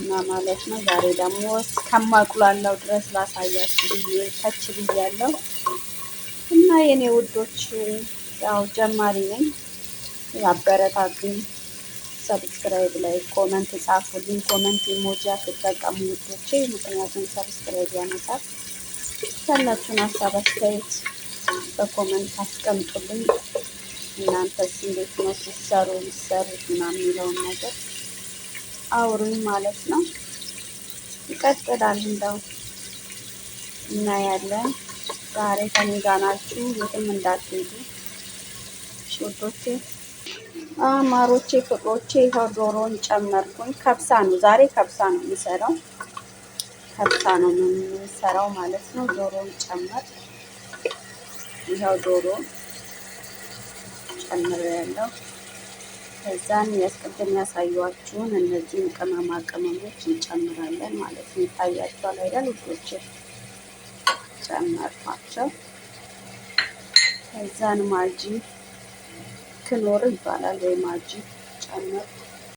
እና ማለት ነው። ዛሬ ደግሞ እስከማቁላላው ድረስ ላሳያችሁ ብዬ ከች ብያለሁ እና የኔ ውዶች ያው ጀማሪ ነኝ፣ አበረታቱኝ። ሰብስክራይብ ላይ ኮመንት ጻፉልኝ። ኮመንት ኢሞጂ አትጠቀሙ ውዶቼ፣ ምክንያቱም ሰብስክራይብ ያመጣል። ያላችሁን ሀሳብ አስተያየት በኮመንት አስቀምጡልኝ። እናንተስ እንዴት ነው ሲሰሩ የሚሰሩት ምናምን የሚለውን ነገር አውሩኝ ማለት ነው። ይቀጥላል እንደው እናያለን። ዛሬ ከኔ ጋር ናችሁ፣ የትም እንዳትሄዱ ውዶቼ፣ አማሮቼ፣ ፍቅሮቼ። ይኸው ዶሮን ጨመርኩኝ። ከብሳ ነው ዛሬ ከብሳ ነው የሚሰራው፣ ከብሳ ነው የምንሰራው ማለት ነው። ዶሮን ጨመር ይኸው ዶሮ ጨምር ያለው ከዛን ያስቀደም ያሳየኋችሁን እነዚህን ቅመማ ቅመሞች እንጨምራለን ማለት ነው። ይታያችኋል አይደል? ውዶች ጨመርኳቸው። ከዛን ማጂ ክኖር ይባላል ወይ ማጂ ጨመርኩ።